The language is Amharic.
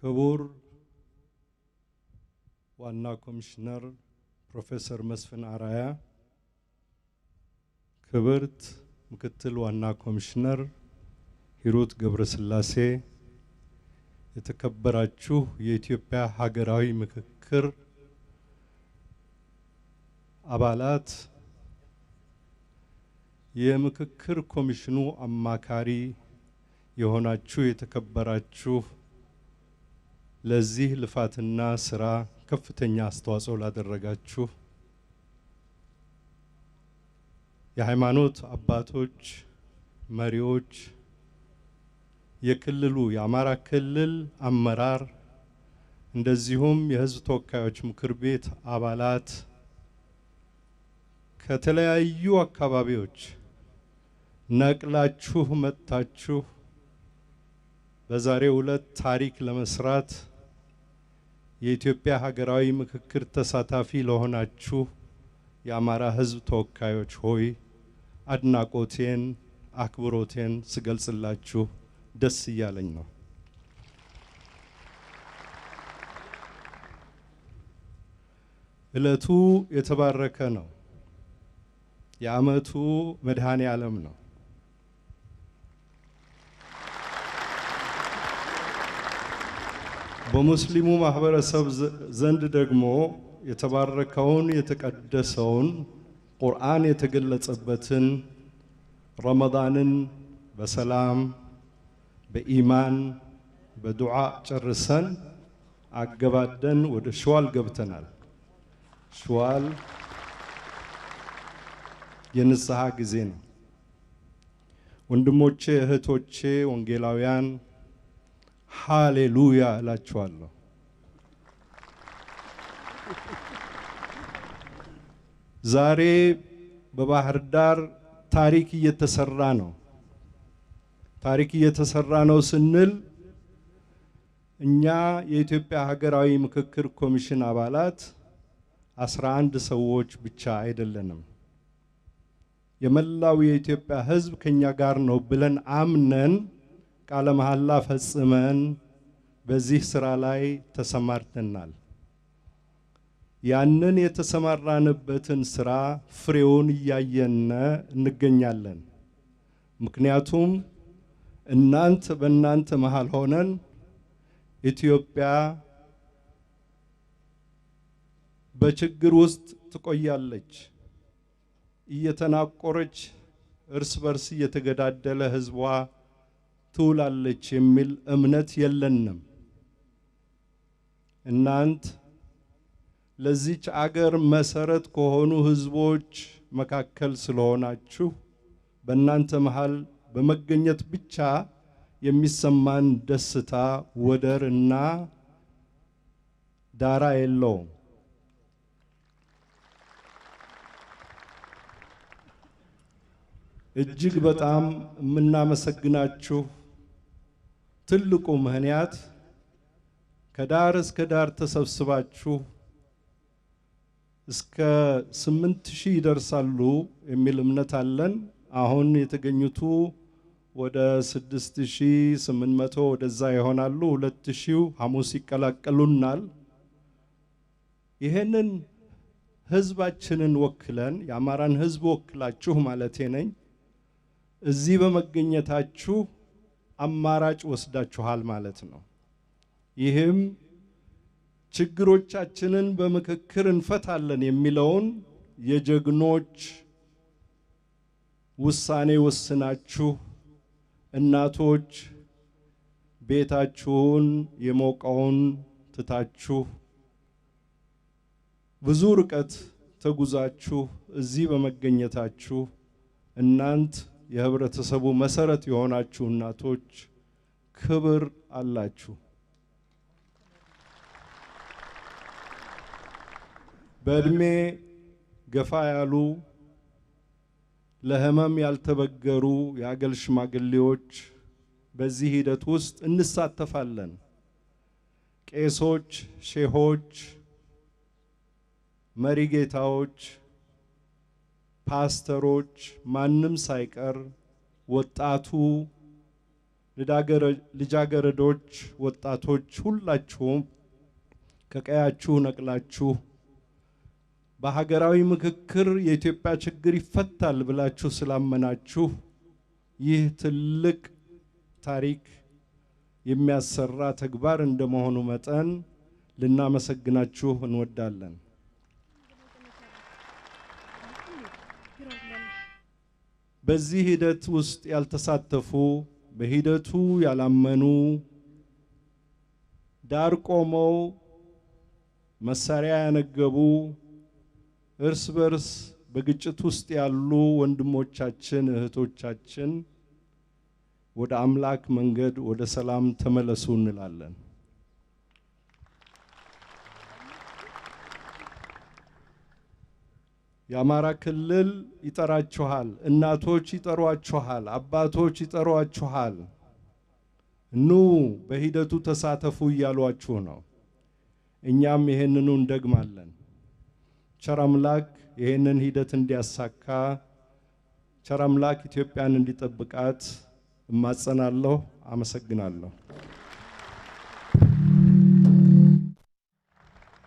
ክቡር ዋና ኮሚሽነር ፕሮፌሰር መስፍን አራያ፣ ክብርት ምክትል ዋና ኮሚሽነር ሂሩት ገብረስላሴ፣ የተከበራችሁ የኢትዮጵያ ሀገራዊ ምክክር አባላት፣ የምክክር ኮሚሽኑ አማካሪ የሆናችሁ የተከበራችሁ ለዚህ ልፋትና ስራ ከፍተኛ አስተዋጽኦ ላደረጋችሁ የሃይማኖት አባቶች፣ መሪዎች፣ የክልሉ የአማራ ክልል አመራር እንደዚሁም የህዝብ ተወካዮች ምክር ቤት አባላት ከተለያዩ አካባቢዎች ነቅላችሁ መጥታችሁ በዛሬው ዕለት ታሪክ ለመስራት የኢትዮጵያ ሀገራዊ ምክክር ተሳታፊ ለሆናችሁ የአማራ ሕዝብ ተወካዮች ሆይ አድናቆቴን፣ አክብሮቴን ስገልጽላችሁ ደስ እያለኝ ነው። ዕለቱ የተባረከ ነው። የአመቱ መድኃኔ ዓለም ነው። በሙስሊሙ ማህበረሰብ ዘንድ ደግሞ የተባረከውን የተቀደሰውን ቁርአን የተገለጸበትን ረመዳንን በሰላም በኢማን በዱዓ ጨርሰን አገባደን ወደ ሸዋል ገብተናል። ሸዋል የንስሐ ጊዜ ነው። ወንድሞቼ እህቶቼ፣ ወንጌላውያን ሃሌሉያ እላችኋለሁ። ዛሬ በባህር ዳር ታሪክ እየተሰራ ነው። ታሪክ እየተሰራ ነው ስንል እኛ የኢትዮጵያ ሀገራዊ ምክክር ኮሚሽን አባላት አስራ አንድ ሰዎች ብቻ አይደለንም። የመላው የኢትዮጵያ ሕዝብ ከኛ ጋር ነው ብለን አምነን ቃለ መሐላ ፈጽመን በዚህ ስራ ላይ ተሰማርተናል። ያንን የተሰማራንበትን ስራ ፍሬውን እያየነ እንገኛለን። ምክንያቱም እናንተ በእናንተ መሃል ሆነን ኢትዮጵያ በችግር ውስጥ ትቆያለች። እየተናቆረች እርስ በርስ እየተገዳደለ ህዝቧ ትውላለች የሚል እምነት የለንም። እናንት ለዚች አገር መሰረት ከሆኑ ህዝቦች መካከል ስለሆናችሁ በእናንተ መሃል በመገኘት ብቻ የሚሰማን ደስታ ወደር እና ዳራ የለውም። እጅግ በጣም የምናመሰግናችሁ ትልቁ ምክንያት ከዳር እስከ ዳር ተሰብስባችሁ እስከ ስምንት ሺህ ይደርሳሉ የሚል እምነት አለን። አሁን የተገኙቱ ወደ ስድስት ሺህ ስምንት መቶ ወደዛ ይሆናሉ። ሁለት ሺው ሐሙስ ይቀላቀሉናል። ይህንን ህዝባችንን ወክለን የአማራን ህዝብ ወክላችሁ ማለቴ ነኝ እዚህ በመገኘታችሁ አማራጭ ወስዳችኋል ማለት ነው። ይህም ችግሮቻችንን በምክክር እንፈታለን የሚለውን የጀግኖች ውሳኔ ወስናችሁ እናቶች ቤታችሁን የሞቀውን ትታችሁ ብዙ ርቀት ተጉዛችሁ እዚህ በመገኘታችሁ እናንት የህብረተሰቡ መሰረት የሆናችሁ እናቶች ክብር አላችሁ። በእድሜ ገፋ ያሉ ለህመም ያልተበገሩ የአገል ሽማግሌዎች በዚህ ሂደት ውስጥ እንሳተፋለን። ቄሶች፣ ሼሆች፣ መሪ ጌታዎች ፓስተሮች፣ ማንም ሳይቀር ወጣቱ፣ ልጃገረዶች፣ ወጣቶች ሁላችሁም ከቀያችሁ ነቅላችሁ በሀገራዊ ምክክር የኢትዮጵያ ችግር ይፈታል ብላችሁ ስላመናችሁ ይህ ትልቅ ታሪክ የሚያሰራ ተግባር እንደመሆኑ መጠን ልናመሰግናችሁ እንወዳለን። በዚህ ሂደት ውስጥ ያልተሳተፉ በሂደቱ ያላመኑ ዳር ቆመው መሳሪያ ያነገቡ እርስ በርስ በግጭት ውስጥ ያሉ ወንድሞቻችን እህቶቻችን ወደ አምላክ መንገድ ወደ ሰላም ተመለሱ እንላለን። የአማራ ክልል ይጠራችኋል፣ እናቶች ይጠሯችኋል፣ አባቶች ይጠሯችኋል፣ ኑ በሂደቱ ተሳተፉ እያሏችሁ ነው። እኛም ይሄንኑ እንደግማለን። ቸር አምላክ ይሄንን ሂደት እንዲያሳካ፣ ቸር አምላክ ኢትዮጵያን እንዲጠብቃት እማጸናለሁ። አመሰግናለሁ።